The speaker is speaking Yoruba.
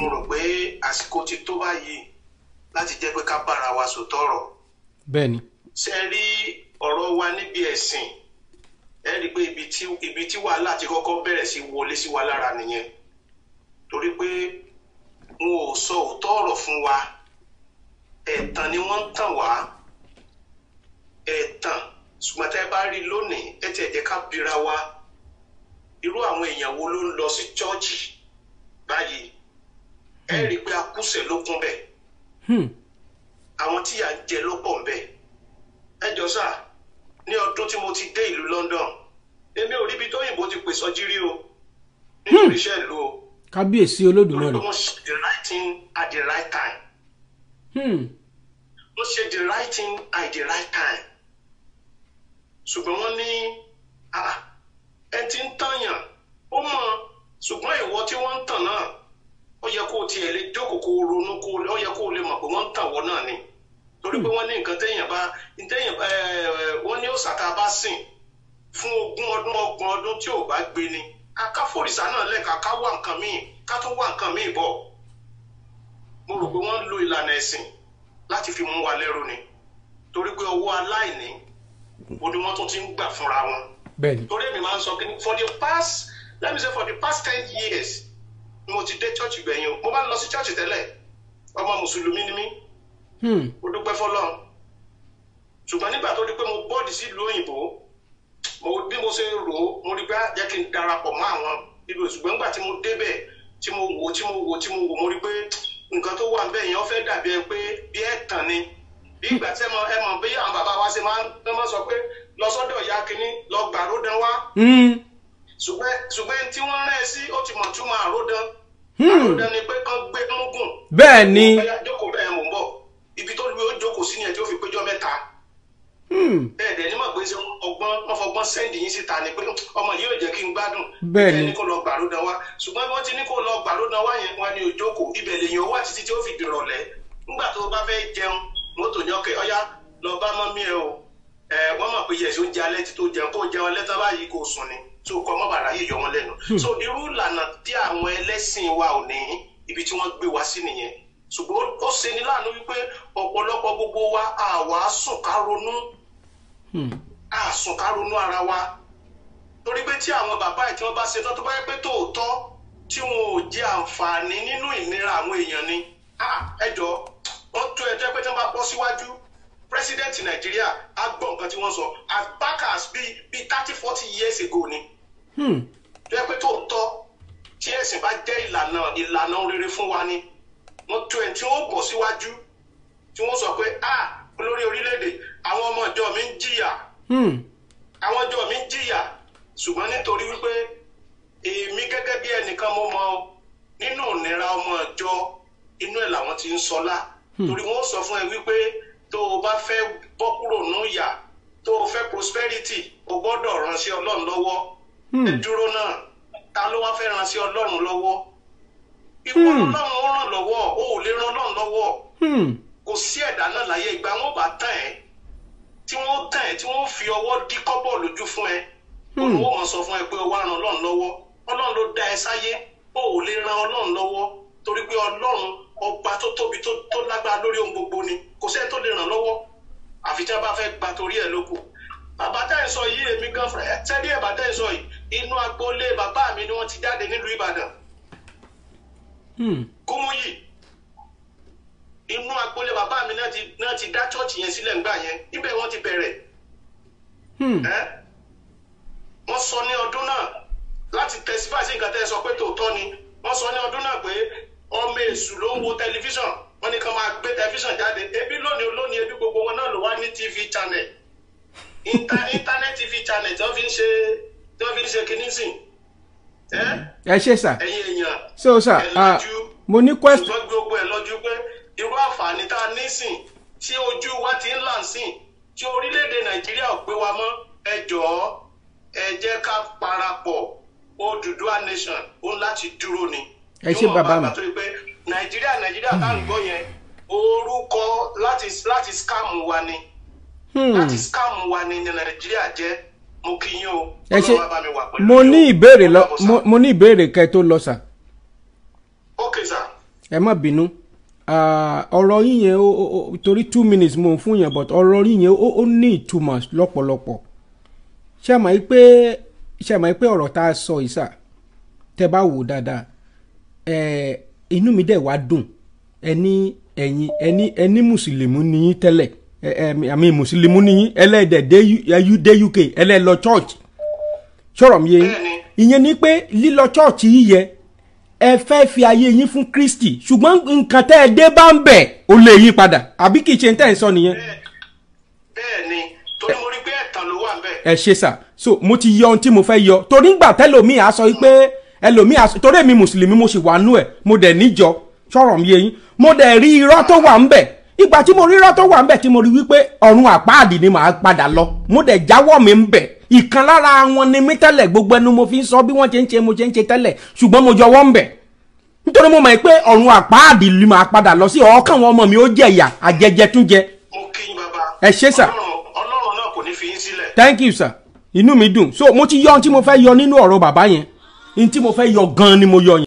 mo rò pé àsìkò ti tó báyìí láti jẹ́ pé ká bára wa sòtọ́ ọ̀rọ̀. bẹ́ẹ̀ni. ṣe rí ọ̀rọ̀ wa níbi ẹ̀sìn ẹ rí i pé ibi tí wàhálà ti kọ́kọ́ bẹ̀rẹ̀ sí wọlé sí wa lára nìyẹn torí pé wọn ò sọ òótọ́ ọ̀rọ̀ fún wa ẹ̀tàn ni wọ́n ń tàn wá ẹ̀tàn ṣùgbọ́n tẹ́ bá rí lónìí ẹ tẹ̀ jẹ́ ká bira wa irú àwọn èèyàn wo ló ń lọ sí chọ́ọ̀chì báyìí Hmm. ẹ rí i pé akúṣẹ̀ ló kún bẹ́ẹ̀ hmm. àwọn tíyà ń jẹ ló pọ̀ bẹ́ẹ̀ ẹ jọ sà ní ọdún tí mo ti dé ìlú London èmi ò ríbi tóyìnbó ti pè sọjí rí o nítorí iṣẹ́ hmm. ìlú o kábíyèsí Olódùmarè wọ́n ṣe the right thing at the right time wọ́n ṣe the right thing at the right time ṣùgbọ́n wọ́n ní ah, ẹ ti ń tàyàn ó mọ ṣùgbọ́n ìwọ tí wọ́n ń tàn náà ó yẹ kó o tiẹ̀ lè jókòó kó o ronú kó o yẹ kó o lè mọ̀ pé wọ́n ń tàn náà ni torí pé hmm. wọ́n ní nǹkan téèyàn bá téèyàn wọ́n ní òsàtà bá sìn fún ogún ọdún ọgbọ̀n ọdún tí ò bá gbé ni ká náà lẹ́ka ká wá nǹkan míì ká tún wá nǹkan míì bọ̀ mo rò pé wọ́n ń lo ìlànà ẹ̀sìn láti fi mú wa lẹ́rú ni torí pé ọwọ́ aláìní o ni tún ti ń gbà fúnra wọn torí èmi máa ń sọ kí ni for the past let me say for the past ten years mo ti dé chọ́ọ̀chì gbẹ̀yìn o mo máa lọ sí chọ́ọ̀chì tẹ́lẹ̀ ọmọ mùsùlùmí ni mí ó hmm. dúpẹ́ fọlọ́run ṣùgbọ́n nígbà tó di pé mo bọ́ọ̀dì sí ìlú òyìnbó bí mo ṣe rò ó mo rí pé ah, jẹ́ kí n darapọ̀ mọ́ àwọn ìlú ṣùgbọ́n nígbà tí mo débẹ̀ tí mo wò tí mo wò tí mo wò mo rí pé nǹkan tó wà yẹn ó fẹ́ dàbí ẹ pé bí ni bí ìgbà tí ẹ bí àwọn bàbá wa ṣe sọ pé lọ sọ́dọ̀ ìyá kínní lọ gbàrú dán hmm. sugbe tí wọ́n rán ẹ sí ó ti mọ̀ túmọ̀ àròdán hmm. ni pé kán gbé múgùn. bẹ́ẹ̀ ni jókòó bẹ́ẹ̀ mò ń ibi tó lu ojókòó sí yẹn tí ó fi péjọ mẹ́ta. Hmm. bẹ́ẹ̀ dẹ̀ ni mọ̀ pé ọgbọ́n wọ́n fọgbọ́n sẹ́ndì yín síta ni pé ọmọ yìí ò jẹ́ kí n gbádùn bẹ́ẹ̀ ni lọ gbàrúdán wá ṣùgbọ́n bí wọ́n ti ní kó lọ gbàrúdán wá yẹn wọn ni pé yẹ ṣe oúnjẹ alẹ́ ti tó jẹun kó jẹun alẹ́ tán báyìí kò sùn ni tó kọ́ mọ́ bàrà yìí yọ wọn lẹ́nu. Hmm. so irú ìlànà tí àwọn ẹlẹ́sìn wa ò ní ibi tí wọ́n gbé wa sí nìyẹn ṣùgbọ́n ó ṣe ní láàánú wípé ọ̀pọ̀lọpọ̀ gbogbo wa àwa sùn ká ronú àsùn hmm. ká ronú ara wa torí pé tí àwọn bàbá ẹ̀ tí wọ́n bá ṣe tán tó bá yẹ pé tòótọ́ tí wọn ò jẹ àǹfààní nínú ìnira àwọn èèyàn ni ah, ẹjọ́ wọ́n tó ẹjọ́ pé tí wọ́n bá bọ́ síwájú president nàìjíríà á gbọ́ tí wọ́n sọ as back as bí bí thirty forty years ago ni. Hmm. tó yẹ pé tó tọ́ tí ẹ̀sìn bá jẹ́ ìlànà ìlànà rere fún wa ni wọ́n tó ẹ̀ tí wọ́n bọ̀ síwájú tí wọ́n sọ pé ah olórí orílẹ̀-èdè àwọn ọmọ ìjọ mi ń jìyà hmm. àwọn ìjọ mi ń jìyà ṣùgbọ́n nítorí wípé èmi gẹ́gẹ́ bí ẹnìkan mo mọ nínú ìnira ọmọ ìjọ inú ẹ̀ làwọn ti ń sọlá hmm. torí wọ́n sọ fún ẹ wípé tó o bá fẹ́ bọ́ kúrò nù yà tó o fẹ́ prosperity o gbọ́dọ̀ ránṣẹ́ ọlọ́run lọ́wọ́ hmm. dúró náà ta ló wá fẹ́ ránṣẹ́ ọlọ́run lọ́wọ́ ìwọ hmm. ọlọ́run ó ràn lọ́wọ́ o ò lè ràn ọlọ́run lọ́wọ́ hmm. kò sí ẹ̀dá náà láyé ìgbà wọn bá tàn ẹ́ tí wọ́n tàn ẹ́ tí wọ́n fi ọwọ́ dí kọ́bọ̀ lójú fún ẹ olùwọ́ wọn sọ fún ẹ pé o wá ràn ọlọ́run lọ́wọ́ ọlọ́run ló dá ẹ sáyé o ò lè ràn ọlọ́run lọ́wọ́ torí pé ọlọ́run ọba tó tóbi tó lágbára lórí ohun gbogbo ni kò sẹ́ni tó lè ràn lọ́wọ́ àfi tí wọ́n bá fẹ́ gba torí ẹ̀ lóko bàbá tẹ́ ẹ̀ sọ yìí èmi gan fún ẹ sẹ́ni ẹ̀ bá tẹ́ ẹ̀ sọ yìí inú agboolé bàbá mi ni wọ́n ti jáde nílùú Ìbàdàn Kúmúyì hmm. inú agboolé bàbá mi náà ti dá chọ́ọ̀chì yẹn sílẹ̀ ńgbà yẹn ibẹ̀ wọ́n ti bẹ̀rẹ̀ hmm. wọ́n sọ ní ọdún náà láti tẹ̀sífà sí nǹkan tẹ́ ẹ sọ pé tòótọ́ ni wọ́n sọ ní ọdún náà pé ọmọ èṣù ló ń wo tẹlifíṣàn wọn ní kàn máa gbé tẹlifíṣàn jáde ebi lónìí olónìí ebi gbogbo wọn náà ló wá ní tv channel internet tv channel tí wọn fi ń ṣe tí wọn fi ń ṣe kinní sìn. ẹ ṣe sà ẹyin èèyàn ẹ lọ́jú mo ní question. ṣùgbọ́n gbogbo ẹ lọ́jú pé irú àǹfààní tá a ní sìn tí ojú wa ti ń là ń sìn tí orílẹ̀-èdè nàìjíríà ò gbé wa mọ́ ẹ jọ̀ọ́ ẹ jẹ́ ká parapọ̀ Odùduwà nation ó láti dúró ni ẹ ṣe bàbá mi. nàìjíríà nàìjíríà tá à ń gbọ́ hmm. yẹn orúkọ láti láti scam wa ni hmm. láti scam wa ni nàìjíríà jẹ́ mo kí yín o. ẹ ṣe mo ní ìbéèrè lọ mo ní ìbéèrè kẹ tó lọ sà. ok sà. ẹ má bínú ọ̀rọ̀ yín yẹn torí two minutes mo fún yẹn but ọ̀rọ̀ yín yẹn ó ní ìtumọ̀ lọ́pọ̀lọpọ̀ ṣé àmọ́ pé ṣé àmọ́ pé ọ̀rọ̀ tá a sọ yìí sà tẹ́ bá wò dáadáa inú mi dẹ̀ wá dùn ẹni ẹ̀yin ẹni ẹni mùsùlùmí ni yín tẹ́lẹ̀ àmì mùsùlùmí ni yín ẹlẹ́dẹ̀ dé UK ẹlẹ́lọ church sọ̀rọ̀ mi yé ìyẹn ni pé lílọ church yìí yẹ ẹ fẹ́ fi ayé yín fún Kristi ṣùgbọ́n nǹkan tẹ́ ẹ dé bá ń bẹ̀ ó lè yí padà àbí kì í ṣe ń tẹ́ ẹ sọ nìyẹn. bẹ́ẹ̀ ni torí mo rí pé ẹ̀tàn ló wà ń bẹ̀. ẹ ṣe sà so mo ti yọ ohun tí mo fẹ́ yọ torí ń gbà tẹ́lòmíì á sọ pé ẹlòmíì torí èmi mùsùlùmí mo sì wà nú ẹ̀ mo dẹ̀ níjọ sọ̀rọ̀ mi yẹn mo dẹ̀ rí irọ́ tó wà ń bẹ̀ ìgbà tí mo rí irọ́ tó wà ń bẹ̀ tí mo rí wípé ọ̀run àpáàdì ni màá padà lọ mo dẹ̀ jáwọ́ mi ń bẹ̀ ìkan lára wọn ni mí tẹ́lẹ̀ gbogbo ẹnu mo fi ń sọ bí wọ́n ṣe ń ṣe mo ṣe ń ṣe tẹ́lẹ̀ ṣùgbọ́n mo jọwọ́ ń bẹ̀ nítorí mo mọ̀ pé ọ̀run àpáàdì ni màá padà lọ sí ọ̀ọ́kàn wọn ọmọ mi ó jẹ̀yà àjẹjẹ tún jẹ. mo kí ọlọ́run náà kò ní fi yín sílẹ̀. thank you sir inú mi dùn so mo ti yọ ohun tí mo fẹ́ yọ nínú ọ̀rọ̀ bàbá yẹn n tí mo fẹ́ yọ gan ni mo yọ yẹn.